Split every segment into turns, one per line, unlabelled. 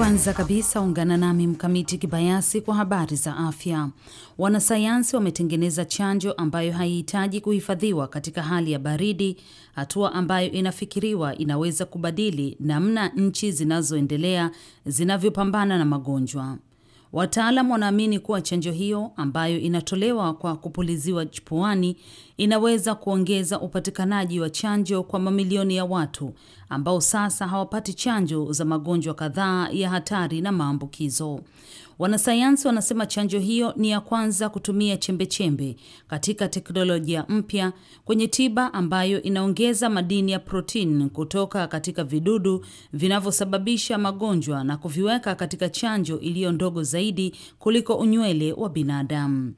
Kwanza kabisa ungana nami Mkamiti Kibayasi kwa habari za afya. Wanasayansi wametengeneza chanjo ambayo haihitaji kuhifadhiwa katika hali ya baridi, hatua ambayo inafikiriwa inaweza kubadili namna nchi zinazoendelea zinavyopambana na magonjwa. Wataalam wanaamini kuwa chanjo hiyo ambayo inatolewa kwa kupuliziwa chupuani inaweza kuongeza upatikanaji wa chanjo kwa mamilioni ya watu ambao sasa hawapati chanjo za magonjwa kadhaa ya hatari na maambukizo. Wanasayansi wanasema chanjo hiyo ni ya kwanza kutumia chembechembe chembe katika teknolojia mpya kwenye tiba ambayo inaongeza madini ya protini kutoka katika vidudu vinavyosababisha magonjwa na kuviweka katika chanjo iliyo ndogo zaidi kuliko unywele wa binadamu.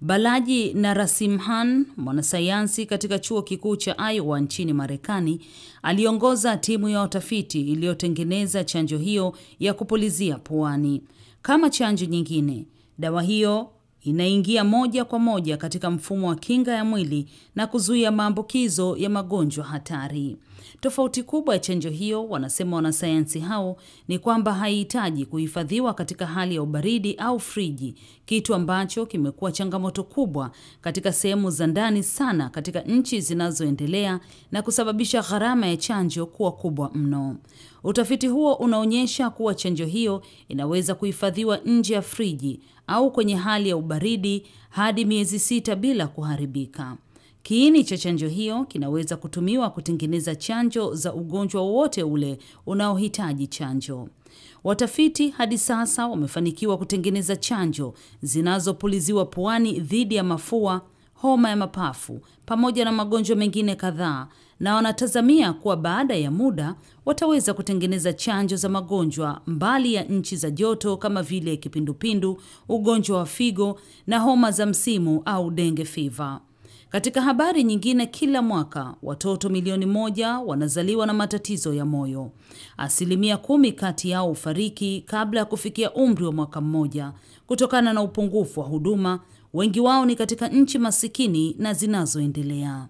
Balaji Narasimhan, mwanasayansi katika chuo kikuu cha Iowa nchini Marekani, aliongoza timu ya watafiti iliyotengeneza chanjo hiyo ya kupulizia puani. Kama chanjo nyingine, dawa hiyo inaingia moja kwa moja katika mfumo wa kinga ya mwili na kuzuia maambukizo ya magonjwa hatari. Tofauti kubwa ya chanjo hiyo, wanasema wanasayansi hao, ni kwamba haihitaji kuhifadhiwa katika hali ya ubaridi au friji, kitu ambacho kimekuwa changamoto kubwa katika sehemu za ndani sana katika nchi zinazoendelea na kusababisha gharama ya chanjo kuwa kubwa mno. Utafiti huo unaonyesha kuwa chanjo hiyo inaweza kuhifadhiwa nje ya friji au kwenye hali ya ubaridi hadi miezi sita bila kuharibika. Kiini cha chanjo hiyo kinaweza kutumiwa kutengeneza chanjo za ugonjwa wowote ule unaohitaji chanjo. Watafiti hadi sasa wamefanikiwa kutengeneza chanjo zinazopuliziwa puani dhidi ya mafua, homa ya mapafu pamoja na magonjwa mengine kadhaa, na wanatazamia kuwa baada ya muda wataweza kutengeneza chanjo za magonjwa mbali ya nchi za joto kama vile kipindupindu, ugonjwa wa figo na homa za msimu au denge fiva. Katika habari nyingine, kila mwaka watoto milioni moja wanazaliwa na matatizo ya moyo. Asilimia kumi kati yao hufariki kabla ya kufikia umri wa mwaka mmoja kutokana na upungufu wa huduma. Wengi wao ni katika nchi masikini na zinazoendelea.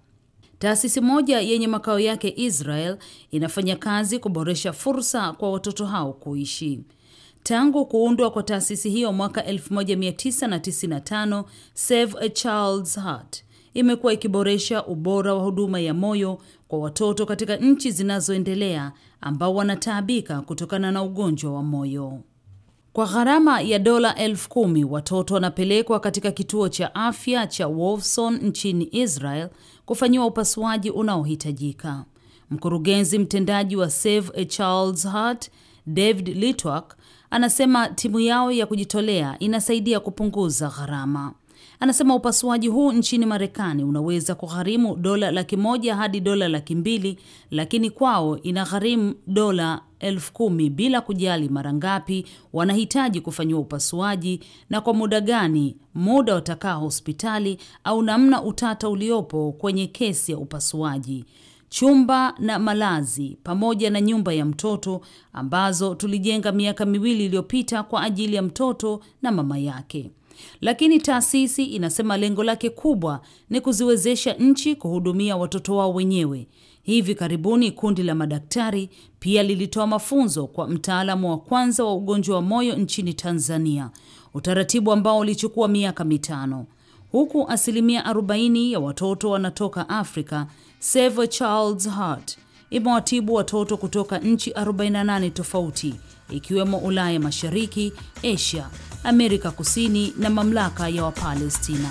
Taasisi moja yenye makao yake Israel inafanya kazi kuboresha fursa kwa watoto hao kuishi. Tangu kuundwa kwa taasisi hiyo mwaka 1995, Save a Child's Heart imekuwa ikiboresha ubora wa huduma ya moyo kwa watoto katika nchi zinazoendelea ambao wanataabika kutokana na ugonjwa wa moyo. Kwa gharama ya dola elfu kumi watoto wanapelekwa katika kituo cha afya cha Wolfson nchini Israel kufanyiwa upasuaji unaohitajika. Mkurugenzi mtendaji wa Save a Child's Heart David Litwak anasema timu yao ya kujitolea inasaidia kupunguza gharama. Anasema upasuaji huu nchini Marekani unaweza kugharimu dola laki moja hadi dola laki mbili lakini kwao inagharimu dola elfu kumi bila kujali mara ngapi wanahitaji kufanyiwa upasuaji na kwa muda gani, muda watakaa hospitali au namna utata uliopo kwenye kesi ya upasuaji chumba na malazi pamoja na nyumba ya mtoto ambazo tulijenga miaka miwili iliyopita kwa ajili ya mtoto na mama yake lakini taasisi inasema lengo lake kubwa ni kuziwezesha nchi kuhudumia watoto wao wenyewe. Hivi karibuni kundi la madaktari pia lilitoa mafunzo kwa mtaalamu wa kwanza wa ugonjwa wa moyo nchini Tanzania, utaratibu ambao ulichukua miaka mitano. Huku asilimia 40 ya watoto wanatoka Afrika, Save charles hart imewatibu watoto kutoka nchi 48 tofauti ikiwemo Ulaya Mashariki, Asia Amerika Kusini na mamlaka ya Wapalestina.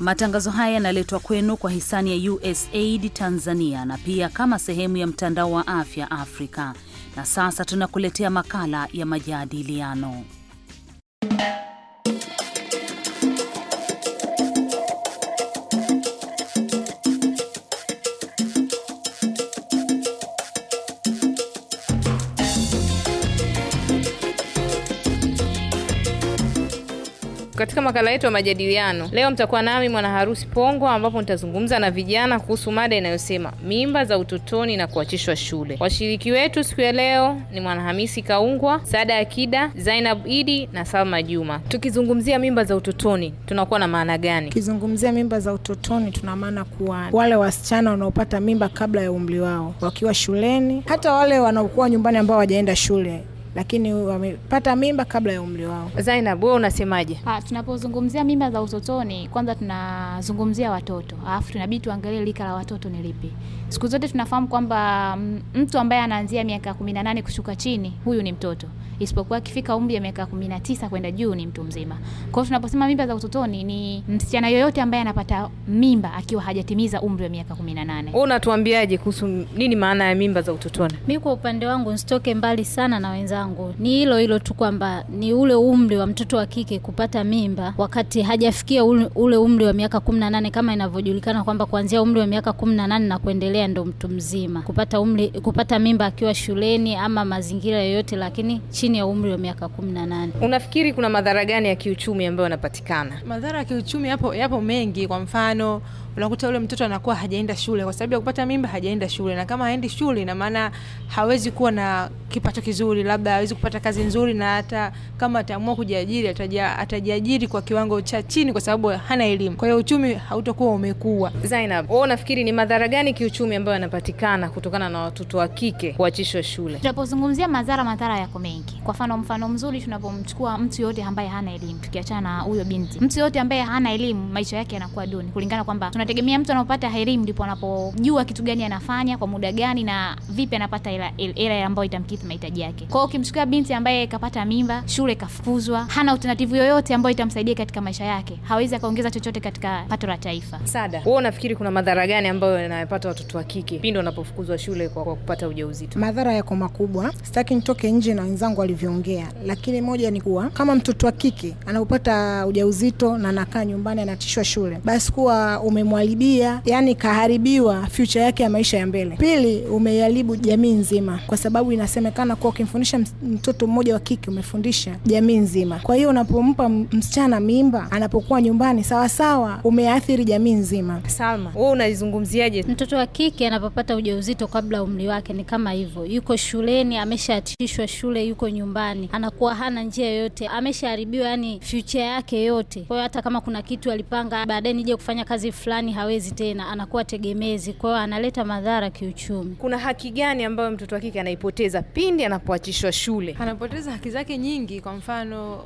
Matangazo haya yanaletwa kwenu kwa hisani ya USAID Tanzania na pia kama sehemu ya mtandao wa afya Afrika. Na sasa tunakuletea makala ya majadiliano.
katika makala yetu ya majadiliano leo mtakuwa nami Mwana Harusi Pongwa, ambapo nitazungumza na vijana kuhusu mada inayosema mimba za utotoni na kuachishwa shule. Washiriki wetu siku ya leo ni Mwanahamisi Kaungwa, Sada Akida, Zainab Idi na Salma Juma. Tukizungumzia mimba za utotoni tunakuwa na maana gani?
ukizungumzia mimba za utotoni tuna maana kuwa wale wasichana wanaopata mimba kabla ya umri wao wakiwa shuleni, hata wale wanaokuwa nyumbani ambao
hawajaenda shule lakini wamepata mimba kabla ya umri wao. Zainab, wewe unasemaje? Ah, tunapozungumzia mimba za utotoni, kwanza tunazungumzia watoto, alafu tunabidi tuangalie lika la watoto ni lipi. Siku zote tunafahamu kwamba mm, mtu ambaye anaanzia miaka 18 kushuka chini, huyu ni mtoto, isipokuwa akifika umri wa miaka 19 kwenda juu ni mtu mzima. Kwa hiyo tunaposema mimba za utotoni, ni msichana yoyote ambaye anapata mimba akiwa hajatimiza umri wa miaka 18.
Wewe unatuambiaje kuhusu nini maana ya mimba za utotoni?
Mimi kwa upande wangu nsitoke
mbali sana na wenza zangu ni hilo hilo tu kwamba ni ule umri wa mtoto wa kike kupata mimba wakati hajafikia ule umri wa miaka kumi na nane kama inavyojulikana kwamba kuanzia umri wa miaka kumi na nane na kuendelea ndo mtu mzima. Kupata umri, kupata mimba akiwa shuleni ama mazingira yoyote, lakini chini ya umri wa miaka kumi na nane. Unafikiri kuna madhara gani ya kiuchumi ambayo
yanapatikana?
Madhara ya kiuchumi yapo, yapo mengi, kwa mfano unakuta yule mtoto anakuwa hajaenda shule kwa sababu ya kupata mimba, hajaenda shule, na kama haendi shule, na maana hawezi kuwa na kipato kizuri, labda hawezi kupata kazi nzuri, na hata kama ataamua kujiajiri atajiajiri kwa kiwango cha chini, kwa sababu hana elimu. Kwa hiyo uchumi hautakuwa umekua Zainab, wewe unafikiri
ni madhara gani kiuchumi ambayo yanapatikana kutokana na watoto wa kike kuachishwa shule?
Tunapozungumzia madhara, madhara yako mengi. Kwa mfano, mfano mzuri tunapomchukua mtu yote ambaye hana elimu, tukiachana na huyo binti, mtu yote ambaye hana elimu, maisha yake yanakuwa duni kulingana kwamba tunategemea mtu anaopata elimu ndipo anapojua kitu gani anafanya kwa muda gani na vipi anapata hela hela ambayo itamkidhi mahitaji yake. Kwa hiyo ukimchukua binti ambaye kapata mimba, shule kafukuzwa, hana alternative yoyote ambayo itamsaidia katika maisha yake, hawezi akaongeza chochote katika pato la taifa. Sada, wewe unafikiri kuna madhara gani ambayo
yanayopata watoto wa kike pindi wanapofukuzwa shule kwa, kwa kupata ujauzito?
Madhara yako makubwa, sitaki nitoke nje na wenzangu walivyoongea, lakini moja ni kuwa kama mtoto wa kike anapopata ujauzito na anakaa nyumbani anatishwa shule, basi kuwa ume umemharibia, yani kaharibiwa future yake ya maisha ya mbele. Pili, umeiharibu jamii nzima, kwa sababu inasemekana kuwa ukimfundisha mtoto mmoja wa kike umefundisha jamii nzima. Kwa hiyo unapompa msichana mimba anapokuwa nyumbani, sawasawa, umeathiri jamii nzima.
Salma, wewe unaizungumziaje? Mtoto wa kike anapopata ujauzito kabla umri wake ni kama hivyo, yuko shuleni, ameshaatishwa shule, yuko nyumbani, anakuwa hana njia yoyote, ameshaharibiwa yani future yake yote. Kwa hiyo hata kama kuna kitu alipanga baadaye nije kufanya kazi fulani yaani hawezi tena, anakuwa tegemezi, kwa hiyo analeta madhara kiuchumi. Kuna haki gani ambayo mtoto wa kike anaipoteza pindi
anapoachishwa shule?
Anapoteza haki zake nyingi, kwa mfano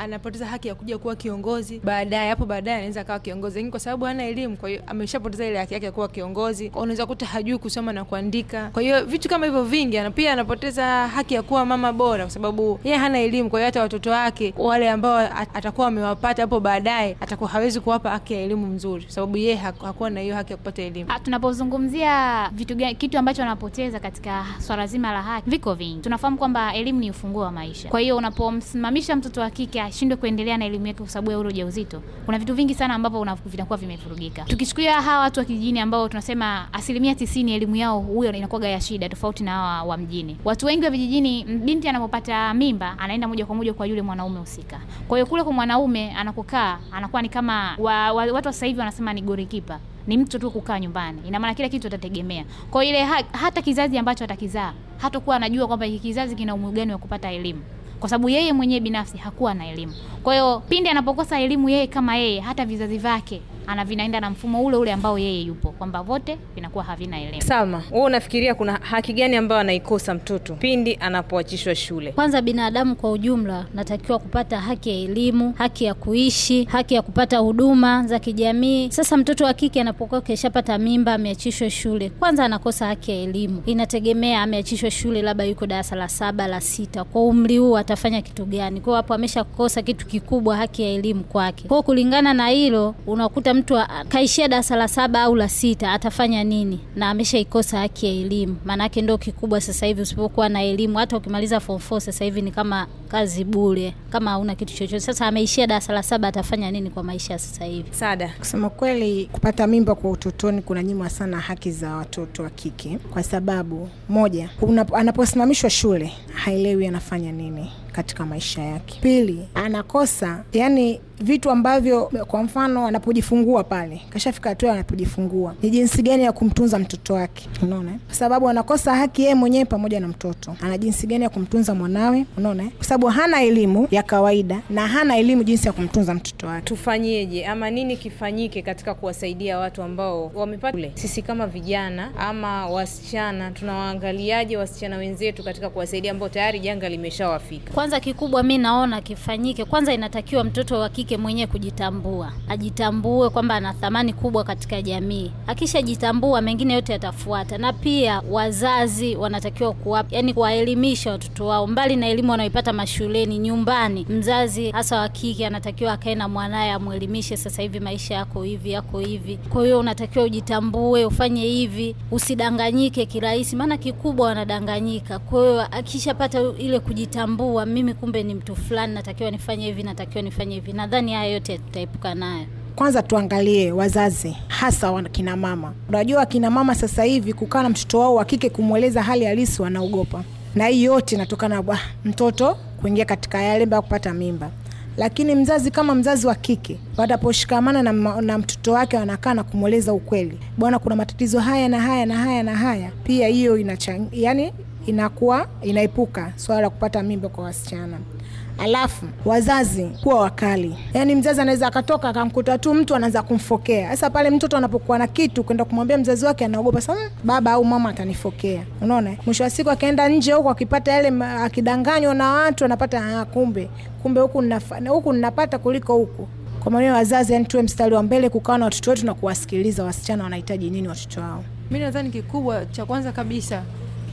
anapoteza haki ya kuja kuwa kiongozi baadaye. Hapo baadaye anaweza akawa kiongozi, lakini kwa sababu hana elimu, kwa hiyo ameshapoteza ile haki yake ya kuwa kiongozi. Unaweza kuta hajui kusoma na kuandika, kwa hiyo vitu kama hivyo vingi. Pia anapoteza haki ya kuwa mama bora, kwa sababu yeye hana elimu, kwa hiyo hata watoto wake wale ambao atakuwa amewapata
hapo baadaye atakuwa hawezi kuwapa haki ya elimu nzuri sababu yeye yeye hakuwa na hiyo haki ya kupata elimu. Ah, tunapozungumzia vitu gani, kitu ambacho wanapoteza katika swala zima la haki, viko vingi. Tunafahamu kwamba elimu ni ufunguo wa maisha. Kwa hiyo unapomsimamisha mtoto wa kike ashindwe kuendelea na elimu yake kwa sababu ya ule ujauzito, kuna vitu vingi sana ambavyo vinakuwa vimevurugika. Tukichukulia hawa watu wa kijijini ambao tunasema asilimia tisini elimu yao huyo inakuwa ya shida, tofauti na hawa wa mjini. Watu wengi wa vijijini, binti anapopata mimba anaenda moja kwa moja kwa yule mwanaume husika. Kwa hiyo kule kwa mwanaume anakokaa anakuwa ni kama wa, wa, watu wa sasa hivi wanasema ni kulikipa ni mtu tu kukaa nyumbani, ina maana kila kitu atategemea kwa ile ha, hata kizazi ambacho atakizaa hatakuwa anajua kwamba hiki kizazi kina umuhimu gani wa kupata elimu kwa sababu yeye mwenyewe binafsi hakuwa na elimu. Kwa hiyo pindi anapokosa elimu yeye kama yeye, hata vizazi vyake ana vinaenda na mfumo ule ule ambao yeye yupo, kwamba vote vinakuwa havina elimu.
Salma, wewe unafikiria kuna haki gani ambayo anaikosa mtoto pindi anapoachishwa shule?
Kwanza, binadamu kwa ujumla natakiwa kupata haki ya elimu, haki ya kuishi, haki ya kupata huduma za kijamii. Sasa mtoto wa kike anapokuwa keshapata mimba, ameachishwa shule, kwanza anakosa haki ya elimu. Inategemea ameachishwa shule, labda yuko darasa la saba la sita, kwa umri huu atafanya kitu gani? Kwa hapo ameshakosa kitu kikubwa, haki ya elimu kwake. Kwa kulingana na hilo unakuta mtu akaishia darasa la saba au la sita atafanya nini? Na ameshaikosa haki ya elimu, maanake ndio kikubwa sasa hivi. Usipokuwa na elimu, hata ukimaliza form 4 sasa hivi ni kama kazi bure, kama hauna kitu chochote. Sasa ameishia darasa la saba, atafanya nini kwa maisha sasa hivi? Sada,
kusema kweli, kupata mimba kwa utotoni kuna nyimwa sana haki za watoto wa kike, kwa sababu moja, anaposimamishwa shule haelewi anafanya nini katika maisha yake. Pili, anakosa yani vitu ambavyo kwa mfano anapojifungua pale, kashafika hatua anapojifungua, ni jinsi gani ya kumtunza mtoto wake, unaona, kwa sababu anakosa haki yeye mwenyewe pamoja na mtoto. Ana jinsi gani ya kumtunza mwanawe, unaona, kwa sababu hana elimu ya kawaida na hana elimu jinsi ya kumtunza mtoto
wake. Tufanyeje ama nini kifanyike katika kuwasaidia watu ambao wamepata? Sisi kama vijana ama wasichana, tunawaangaliaje wasichana wenzetu katika kuwasaidia ambao tayari janga limeshawafika? Kwanza
kikubwa mi naona kifanyike, kwanza inatakiwa mtoto wa kike mwenyewe kujitambua, ajitambue kwamba ana thamani kubwa katika jamii. Akishajitambua mengine yote yatafuata, na pia wazazi wanatakiwa kuwa, yani kuwaelimisha watoto wao, mbali na elimu wanaoipata mashuleni, nyumbani. Mzazi hasa wa kike anatakiwa akae na mwanaye, amwelimishe, sasa hivi maisha yako hivi, yako hivi, kwa hiyo unatakiwa ujitambue, ufanye hivi, usidanganyike kirahisi, maana kikubwa wanadanganyika. Kwa hiyo akishapata ile kujitambua mimi kumbe ni mtu fulani, natakiwa nifanye hivi, natakiwa nifanye hivi. Nadhani haya yote tutaepuka nayo.
Kwanza tuangalie wazazi, hasa wakina mama. Unajua wakina mama sasa hivi kukaa na mtoto wao wa kike kumweleza hali halisi wanaogopa, na hii yote inatokana na mtoto kuingia katika yale mbaya kupata mimba lakini mzazi kama mzazi wa kike wataposhikamana na, na mtoto wake wanakaa na kumweleza ukweli, bwana, kuna matatizo haya na haya na haya na haya, pia hiyo inachang, yani inakuwa inaepuka swala la kupata mimba kwa wasichana. Alafu wazazi kuwa wakali, yaani mzazi anaweza akatoka akamkuta tu mtu anaanza kumfokea. Sasa pale mtoto anapokuwa na kitu kwenda kumwambia mzazi wake, anaogopa sana baba au mama atanifokea. Unaona, mwisho wa siku akienda nje huko, akipata yale, akidanganywa na watu anapata ah, kumbe kumbe huku nafana, huku ninapata kuliko huku. Kwa maana wazazi, yani tuwe mstari wa mbele kukaa na watoto wetu na kuwasikiliza wasichana wanahitaji nini watoto
wao. Mi nadhani kikubwa cha kwanza kabisa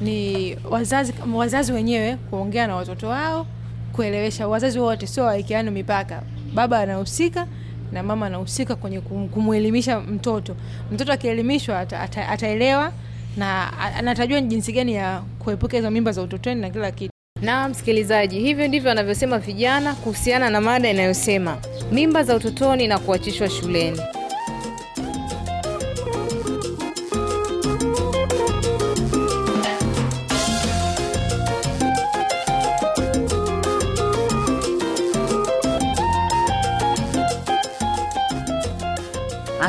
ni wazazi, wazazi wenyewe kuongea na watoto wao, kuelewesha. Wazazi wote sio wawekeano mipaka, baba anahusika na mama anahusika kwenye kumwelimisha mtoto. Mtoto akielimishwa ata, ata, ataelewa na anatajua jinsi gani ya kuepuka hizo mimba za utotoni na kila kitu. Na msikilizaji, hivyo ndivyo wanavyosema vijana kuhusiana na mada inayosema mimba
za utotoni na kuachishwa shuleni.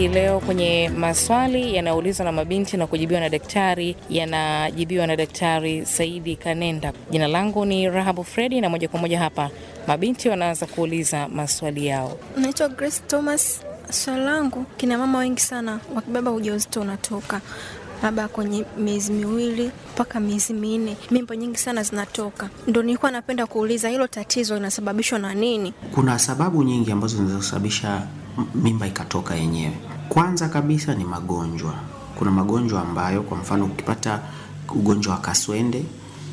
hii leo kwenye maswali yanayoulizwa na mabinti na kujibiwa na daktari, yanajibiwa na daktari Saidi Kanenda. Jina langu ni Rahabu Fredi, na moja kwa moja hapa mabinti wanaanza kuuliza maswali yao. Naitwa Grace Thomas. Swali langu, kina mama wengi sana wakibeba ujauzito unatoka labda kwenye miezi miwili mpaka miezi minne, mimba nyingi sana zinatoka. Ndo nilikuwa napenda kuuliza hilo tatizo linasababishwa na nini?
Kuna sababu nyingi ambazo zinazosababisha mimba ikatoka yenyewe. Kwanza kabisa ni magonjwa. Kuna magonjwa ambayo kwa mfano ukipata ugonjwa wa kaswende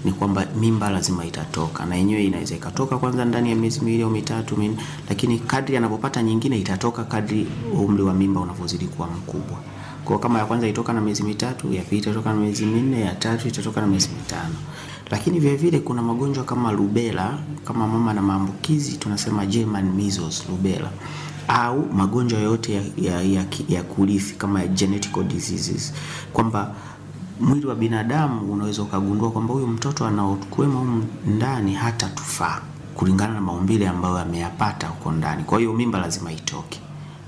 ni kwamba mimba lazima itatoka, na yenyewe inaweza ikatoka kwanza ndani ya miezi miwili au mitatu min, lakini kadri anapopata nyingine itatoka kadri umri wa mimba unavyozidi kuwa mkubwa. Kwa kama ya kwanza itoka na miezi mitatu, ya pili itatoka na miezi minne, ya tatu itatoka na miezi mitano. Lakini vile vile kuna magonjwa kama rubela, kama mama na maambukizi tunasema German measles rubela au magonjwa yote ya, ya, ya, ya kurithi kama ya genetic diseases, kwamba mwili wa binadamu unaweza ukagundua kwamba huyu mtoto anaokuwemo ndani hata tufaa kulingana na maumbile ambayo ameyapata huko ndani. Kwa hiyo mimba lazima itoke,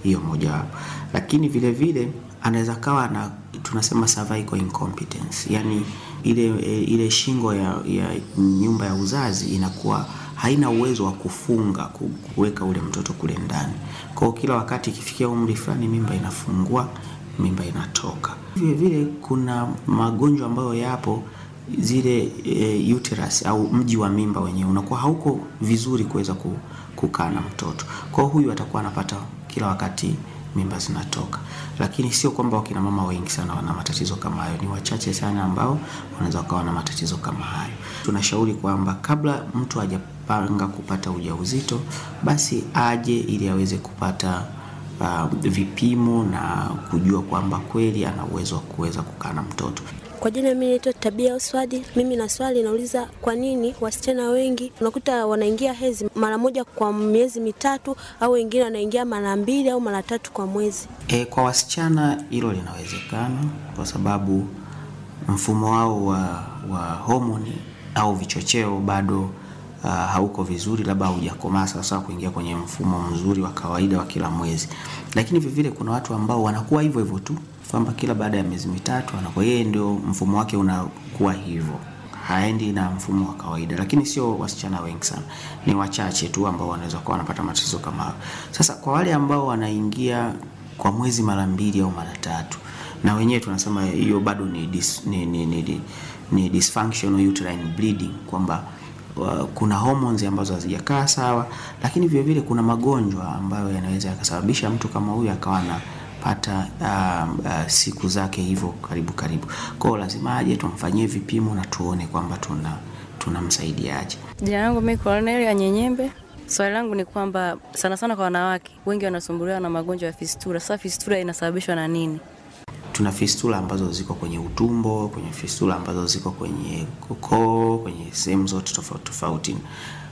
hiyo mojawapo. Lakini vile vile anaweza kawa na tunasema cervical incompetence, yani ile, eh, ile shingo ya, ya nyumba ya uzazi inakuwa haina uwezo wa kufunga kuweka ule mtoto kule ndani. Kwa hiyo kila wakati ikifikia umri fulani, mimba inafungua, mimba inatoka. Vile vile kuna magonjwa ambayo yapo zile e, uterus au mji wa mimba wenyewe unakuwa hauko vizuri kuweza kukaa na mtoto. Kwa hiyo huyu atakuwa anapata kila wakati mimba zinatoka, lakini sio kwamba wakina mama wengi sana wana matatizo kama hayo. Ni wachache sana ambao wanaweza wakawa na matatizo kama hayo. Tunashauri kwamba kabla mtu haja anajipanga kupata ujauzito, basi aje ili aweze kupata uh, vipimo na kujua kwamba kweli ana uwezo wa kuweza kukaa na mtoto.
Kwa jina mimi naitwa Tabia Uswadi. Mimi na swali nauliza, kwa nini wasichana wengi unakuta wanaingia hezi mara moja kwa miezi mitatu au wengine wanaingia mara mbili au mara tatu kwa mwezi?
E, kwa
wasichana hilo linawezekana kwa sababu mfumo wao wa, wa homoni au vichocheo bado uh, hauko vizuri, labda haujakomaa sawasawa kuingia kwenye mfumo mzuri wa kawaida wa kila mwezi. Lakini vivile kuna watu ambao wanakuwa hivyo hivyo tu kwamba kila baada ya miezi mitatu anakuwa yeye ndio mfumo wake unakuwa hivyo haendi na mfumo wa kawaida, lakini sio wasichana wengi sana, ni wachache tu ambao wanaweza kuwa wanapata matatizo kama hayo. Sasa kwa wale ambao wanaingia kwa mwezi mara mbili au mara tatu, na wenyewe tunasema hiyo bado ni, dis, ni, ni, ni, ni, ni dysfunctional uterine bleeding kwamba Uh, kuna hormones ambazo hazijakaa sawa, lakini vile vile kuna magonjwa ambayo yanaweza yakasababisha mtu kama huyu akawa na pata uh, um, uh, siku zake hivyo karibu karibu. Kwa lazima aje tumfanyie vipimo na tuone kwamba tuna tunamsaidiaje.
Jina langu mimi Cornelia ya Nyenyembe. Swali langu ni kwamba sana sana kwa wanawake wengi wanasumbuliwa na magonjwa ya fistula. Sasa fistula inasababishwa na nini?
tuna fistula ambazo ziko kwenye utumbo, kwenye fistula ambazo ziko kwenye koo, kwenye sehemu zote tofauti tofauti.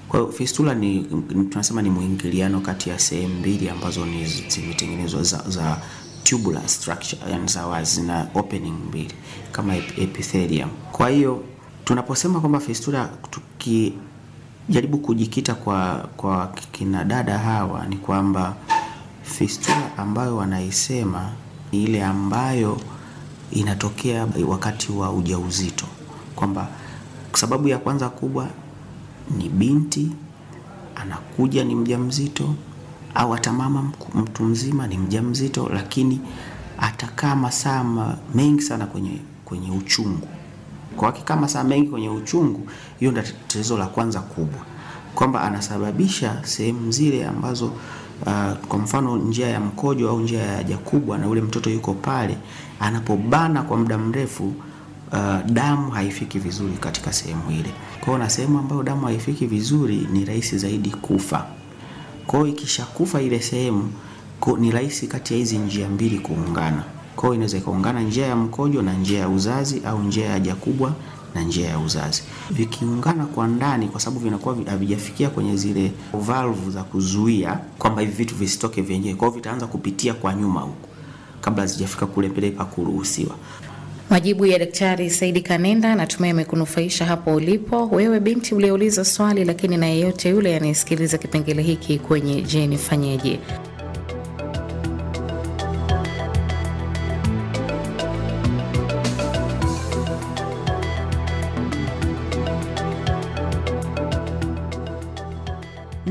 Kwa hiyo fistula ni, ni tunasema ni mwingiliano kati ya sehemu mbili ambazo ni zimetengenezwa za, za tubular structure, yani za wazi na opening mbili kama epithelium. Kwa hiyo tunaposema kwamba fistula tukijaribu kujikita kwa, kwa kina dada hawa ni kwamba fistula ambayo wanaisema ile ambayo inatokea wakati wa ujauzito, kwamba sababu ya kwanza kubwa ni binti anakuja ni mjamzito, au hata mama mtu mzima ni mjamzito, lakini atakaa masaa mengi sana kwenye, kwenye uchungu kwa akikaa masaa mengi kwenye uchungu, hiyo ndio tatizo la kwanza kubwa, kwamba anasababisha sehemu zile ambazo uh, kwa mfano njia ya mkojo au njia ya haja kubwa, na ule mtoto yuko pale, anapobana kwa muda mrefu Uh, damu haifiki vizuri katika sehemu ile. Kwa hiyo na sehemu ambayo damu haifiki vizuri ni rahisi zaidi kufa. Kwa hiyo ikishakufa ile sehemu ni rahisi kati ya hizi njia mbili kuungana. Kwa hiyo inaweza ikaungana njia ya mkojo na njia ya uzazi au njia ya haja kubwa na njia ya uzazi, vikiungana kwa ndani, kwa sababu vinakuwa havijafikia kwenye zile valve za kuzuia kwamba hivi vitu visitoke vyenyewe. Kwa hiyo vitaanza kupitia kwa nyuma huko kabla hazijafika kule mbele pa kuruhusiwa.
Majibu ya Daktari Saidi Kanenda natumai amekunufaisha hapo ulipo wewe, binti uliouliza swali, lakini na yeyote yule anayesikiliza kipengele hiki kwenye Je, nifanyeje.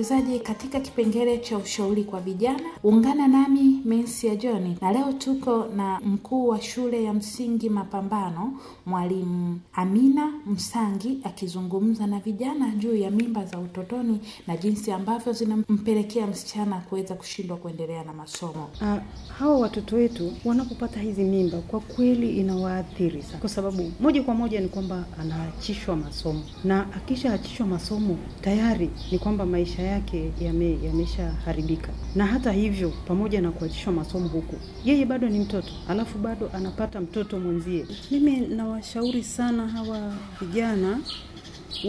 msikilizaji, katika kipengele cha ushauri kwa vijana, ungana nami Mensi ya John, na leo tuko na mkuu wa shule ya msingi Mapambano, Mwalimu Amina Msangi akizungumza na vijana juu ya mimba za utotoni na jinsi ambavyo zinampelekea msichana kuweza kushindwa kuendelea na masomo. Uh, ah,
hawa watoto wetu wanapopata hizi mimba, kwa kweli inawaathiri sana, kwa sababu moja kwa moja ni kwamba anaachishwa masomo, na akishaachishwa masomo tayari ni kwamba maisha yake yameshaharibika. Yame na hata hivyo, pamoja na kuachishwa masomo huku, yeye bado ni mtoto, alafu bado anapata mtoto mwenzie. Mimi nawashauri sana hawa vijana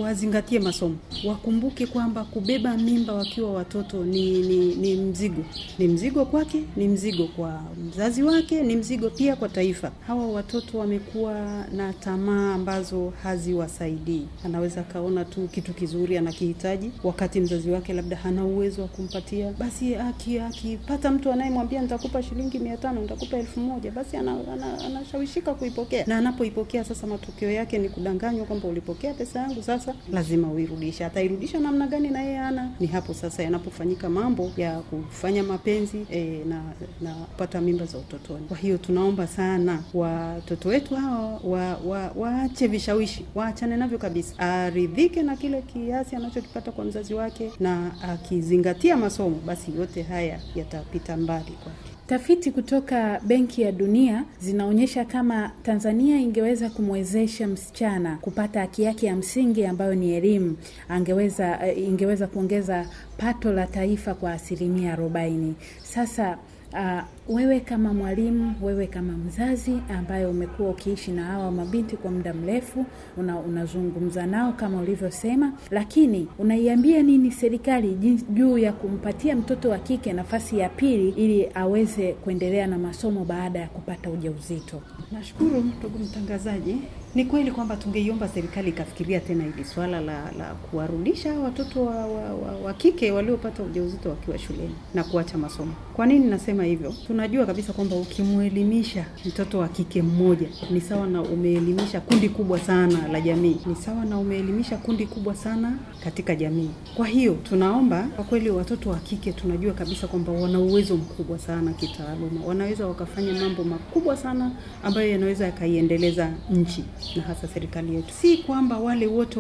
wazingatie masomo, wakumbuke kwamba kubeba mimba wakiwa watoto ni, ni, ni mzigo, ni mzigo kwake, ni mzigo kwa mzazi wake, ni mzigo pia kwa taifa. Hawa watoto wamekuwa na tamaa ambazo haziwasaidii. Anaweza akaona tu kitu kizuri anakihitaji, wakati mzazi wake labda hana uwezo wa kumpatia. Basi akipata aki, mtu anayemwambia nitakupa shilingi mia tano nitakupa elfu moja basi anashawishika ana, ana, ana kuipokea, na anapoipokea sasa matokeo yake ni kudanganywa kwamba ulipokea pesa yangu sasa lazima uirudishe. Atairudisha namna gani? na yeye ana ni hapo sasa yanapofanyika mambo ya kufanya mapenzi e, na na kupata mimba za utotoni. Kwa hiyo tunaomba sana watoto wetu hawa wa, wa, waache vishawishi, waachane navyo kabisa, aridhike na kile kiasi anachokipata kwa mzazi wake, na akizingatia masomo, basi yote haya yatapita mbali kwake.
Tafiti kutoka Benki ya Dunia zinaonyesha kama Tanzania ingeweza kumwezesha msichana kupata haki yake ya msingi ambayo ni elimu, angeweza eh, ingeweza kuongeza pato la taifa kwa asilimia arobaini. Sasa uh, wewe kama mwalimu, wewe kama mzazi ambaye umekuwa ukiishi na hawa mabinti kwa muda mrefu, una, unazungumza nao kama ulivyosema, lakini unaiambia nini serikali juu ya kumpatia mtoto wa kike nafasi ya pili ili aweze kuendelea na masomo baada ya kupata ujauzito?
Nashukuru ndugu mtangazaji. Ni kweli kwamba tungeiomba serikali ikafikiria tena hili swala la, la kuwarudisha watoto wa, wa, wa, wa kike waliopata ujauzito wakiwa shuleni na kuacha masomo. Kwa nini nasema hivyo? tunajua kabisa kwamba ukimwelimisha mtoto wa kike mmoja ni sawa na umeelimisha kundi kubwa sana la jamii, ni sawa na umeelimisha kundi kubwa sana katika jamii. Kwa hiyo tunaomba kwa kweli, watoto wa kike tunajua kabisa kwamba wana uwezo mkubwa sana kitaaluma, wanaweza wakafanya mambo makubwa sana ambayo yanaweza yakaiendeleza nchi na hasa serikali yetu. Si kwamba wale wote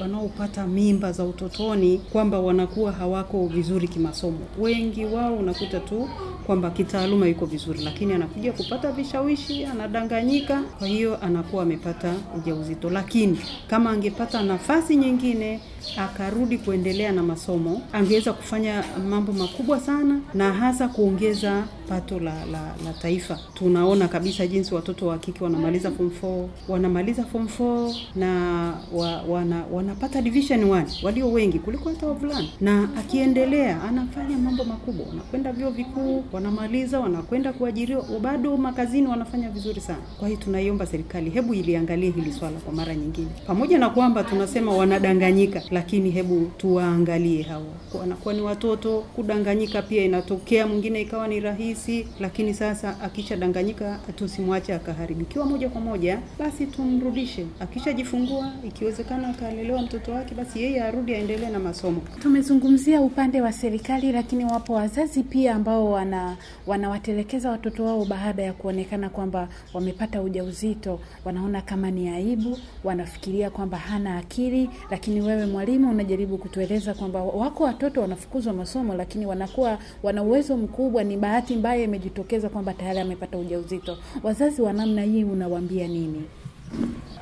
wanaopata mimba za utotoni kwamba wanakuwa hawako vizuri kimasomo, wengi wao unakuta tu kwamba kita kitaaluma yuko vizuri, lakini anakuja kupata vishawishi, anadanganyika, kwa hiyo anakuwa amepata ujauzito. Lakini kama angepata nafasi nyingine akarudi kuendelea na masomo, angeweza kufanya mambo makubwa sana, na hasa kuongeza pato la, la, la taifa. Tunaona kabisa jinsi watoto wa kike wanamaliza form 4 wanamaliza form 4 na wa, wana, wanapata division 1 walio wengi kuliko hata wavulana, na akiendelea anafanya mambo makubwa, wanakwenda vyuo vikuu wanamaliza kujiendeleza, wanakwenda kuajiriwa, bado makazini wanafanya vizuri sana. Kwa hiyo tunaiomba serikali, hebu iliangalie hili swala kwa mara nyingine, pamoja na kwamba tunasema wanadanganyika, lakini hebu tuwaangalie hawa, wanakuwa ni watoto. Kudanganyika pia inatokea, mwingine ikawa ni rahisi, lakini sasa akishadanganyika tusimwache akaharibikiwa moja kwa moja, basi tumrudishe.
Akishajifungua ikiwezekana, akalelewa mtoto wake, basi yeye arudi aendelee na masomo. Tumezungumzia upande wa serikali, lakini wapo wazazi pia ambao wana, wana wanawatelekeza watoto wao baada ya kuonekana kwamba wamepata ujauzito, wanaona kama ni aibu, wanafikiria kwamba hana akili. Lakini wewe mwalimu unajaribu kutueleza kwamba wako watoto wanafukuzwa masomo, lakini wanakuwa wana uwezo mkubwa, ni bahati mbaya imejitokeza kwamba tayari amepata ujauzito. Wazazi wa namna hii unawaambia nini?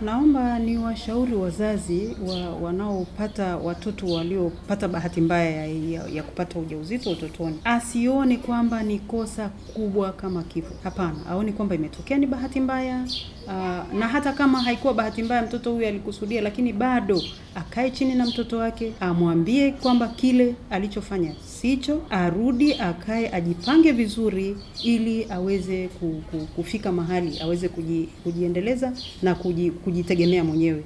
Naomba ni washauri wazazi wa, wanaopata watoto waliopata bahati mbaya ya, ya, ya kupata ujauzito utotoni, asione kwamba ni kosa kubwa kama kifo. Hapana, aone kwamba imetokea ni bahati mbaya, Uh, na hata kama haikuwa bahati mbaya mtoto huyu alikusudia, lakini bado akae chini na mtoto wake, amwambie kwamba kile alichofanya sicho, arudi akae, ajipange vizuri, ili aweze kufika mahali aweze kuji, kujiendeleza na kuji, kujitegemea mwenyewe.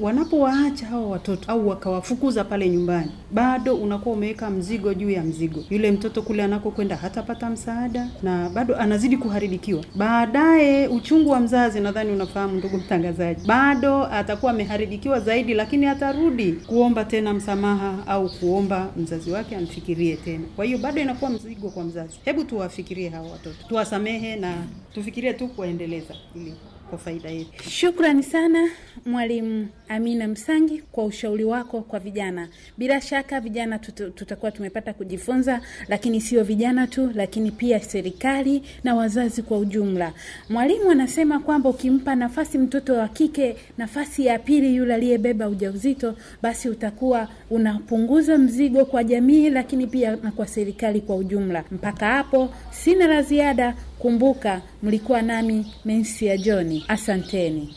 Wanapowaacha hawa watoto au wakawafukuza pale nyumbani, bado unakuwa umeweka mzigo juu ya mzigo. Yule mtoto kule anakokwenda hatapata msaada na bado anazidi kuharibikiwa baadaye. Uchungu wa mzazi na nadhani unafahamu ndugu mtangazaji, bado atakuwa ameharibikiwa zaidi, lakini atarudi kuomba tena msamaha au kuomba mzazi wake amfikirie tena. Kwa hiyo bado inakuwa mzigo kwa mzazi. Hebu tuwafikirie hawa watoto, tuwasamehe na tufikirie tu kuwaendeleza ili kwa faida yetu. Shukrani sana
mwalimu Amina Msangi kwa ushauri wako kwa vijana. Bila shaka vijana tutakuwa tumepata kujifunza, lakini sio vijana tu, lakini pia serikali na wazazi kwa ujumla. Mwalimu anasema kwamba ukimpa nafasi mtoto wa kike nafasi ya pili, yule aliyebeba ujauzito, basi utakuwa unapunguza mzigo kwa jamii, lakini pia na kwa serikali kwa ujumla. Mpaka hapo sina la ziada. Kumbuka mlikuwa nami Mensia Johni, asanteni.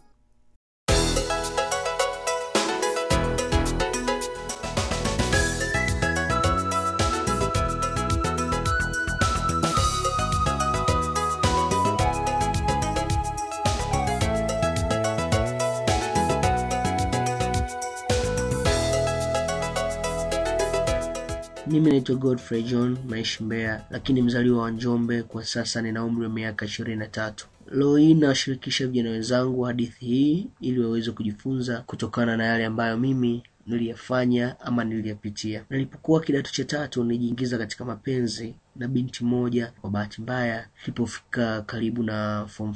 Mimi naitwa Godfrey John, naishi Mbeya, lakini mzaliwa wa Njombe. Kwa sasa nina umri wa miaka ishirini na tatu. Leo hii nawashirikisha vijana wenzangu hadithi hii ili waweze kujifunza kutokana na yale ambayo mimi niliyafanya ama niliyapitia. Nilipokuwa kidato cha tatu, nijiingiza katika mapenzi na binti moja. Kwa bahati mbaya, nilipofika karibu na form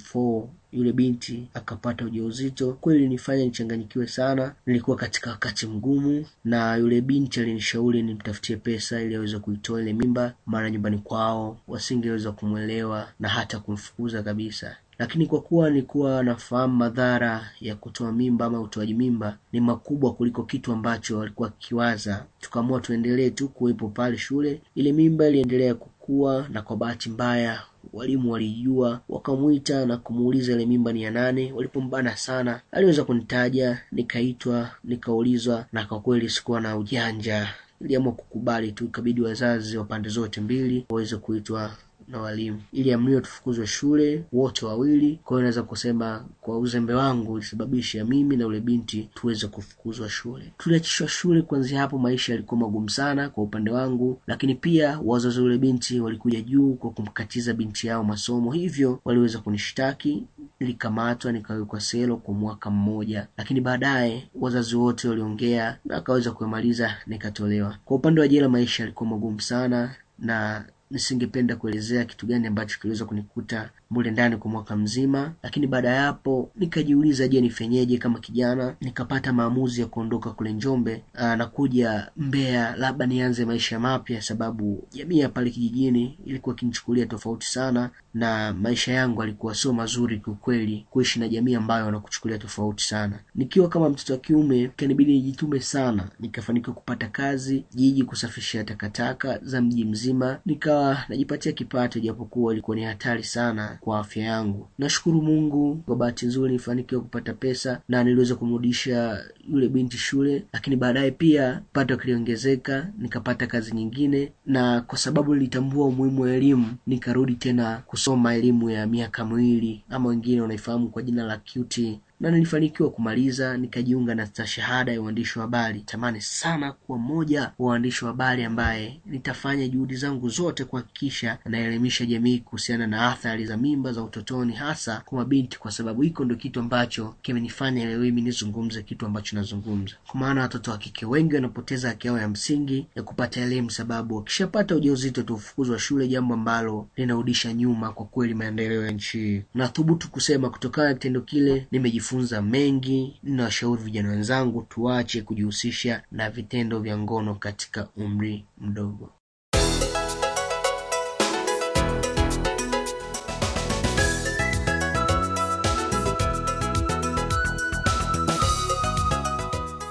yule binti akapata ujauzito. Kweli ilinifanya nichanganyikiwe sana, nilikuwa katika wakati mgumu, na yule binti alinishauri nimtafutie pesa ili aweze kuitoa ile mimba, maana nyumbani kwao wasingeweza kumwelewa na hata kumfukuza kabisa lakini kwa kuwa nilikuwa nafahamu madhara ya kutoa mimba ama utoaji mimba ni makubwa kuliko kitu ambacho alikuwa akiwaza, tukaamua tuendelee tu kuwepo pale shule. Ile mimba iliendelea kukua, na kwa bahati mbaya Walimu waliijua wakamwita na kumuuliza ile mimba ni ya nane. Walipombana sana, aliweza kunitaja, nikaitwa, nikaulizwa, na kwa kweli sikuwa na ujanja, niliamua kukubali tu. Ikabidi wazazi wa pande zote mbili waweze kuitwa na walimu, ili iliamriwa tufukuzwe shule wote wawili. Kwa hiyo naweza kusema kwa uzembe wangu ulisababisha mimi na ule binti tuweze kufukuzwa shule. Tuliachishwa shule. Kuanzia hapo maisha yalikuwa magumu sana kwa upande wangu, lakini pia wazazi ule binti walikuja juu kwa kumkatiza binti yao masomo, hivyo waliweza kunishtaki. Nilikamatwa nikawekwa selo kwa mwaka mmoja, lakini baadaye wazazi wote waliongea na akaweza kuyamaliza, nikatolewa. Kwa upande wa jela, maisha yalikuwa magumu sana na nisingependa kuelezea kitu gani ambacho kiliweza kunikuta mule ndani kwa mwaka mzima, lakini baada ya hapo nikajiuliza, je, nifenyeje kama kijana? Nikapata maamuzi ya kuondoka kule Njombe ah, na kuja Mbeya, labda nianze maisha mapya, sababu jamii ya pale kijijini ilikuwa kinichukulia tofauti sana, na maisha yangu alikuwa sio mazuri kiukweli, kuishi na jamii ambayo wanakuchukulia tofauti sana. Nikiwa kama mtoto wa kiume, kanibidi nijitume sana, nikafanikiwa kupata kazi jiji, kusafishia takataka za mji mzima, nikawa najipatia kipato, japokuwa ilikuwa ni hatari sana kwa afya yangu. Nashukuru Mungu kwa bahati nzuri nilifanikiwa kupata pesa na niliweza kumrudisha yule binti shule, lakini baadaye pia pato kiliongezeka, nikapata kazi nyingine, na kwa sababu nilitambua umuhimu wa elimu, nikarudi tena kusoma elimu ya miaka miwili ama wengine wanaifahamu kwa jina la QT na nilifanikiwa kumaliza nikajiunga na stashahada ya uandishi wa habari. Tamani sana kuwa mmoja wa waandishi wa habari ambaye nitafanya juhudi zangu zote kuhakikisha naelimisha jamii kuhusiana na athari za mimba za utotoni, hasa kwa mabinti, kwa sababu hiko ndio kitu ambacho kimenifanya leo mimi nizungumze kitu ambacho nazungumza, kwa maana watoto wa kike wengi wanapoteza haki yao ya msingi ya kupata elimu, sababu wakishapata ujauzito tufukuzwa shule, jambo ambalo linarudisha nyuma kwa kweli maendeleo ya nchi hii. Nathubutu kusema kutokana na kitendo kile nimejifunza kujifunza mengi nawashauri vijana wenzangu tuache kujihusisha na vitendo vya ngono katika umri mdogo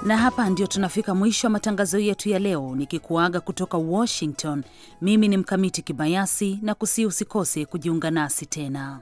na hapa ndio tunafika mwisho wa matangazo yetu ya leo, nikikuaga kutoka Washington. Mimi ni Mkamiti Kibayasi na kusii, usikose kujiunga nasi tena.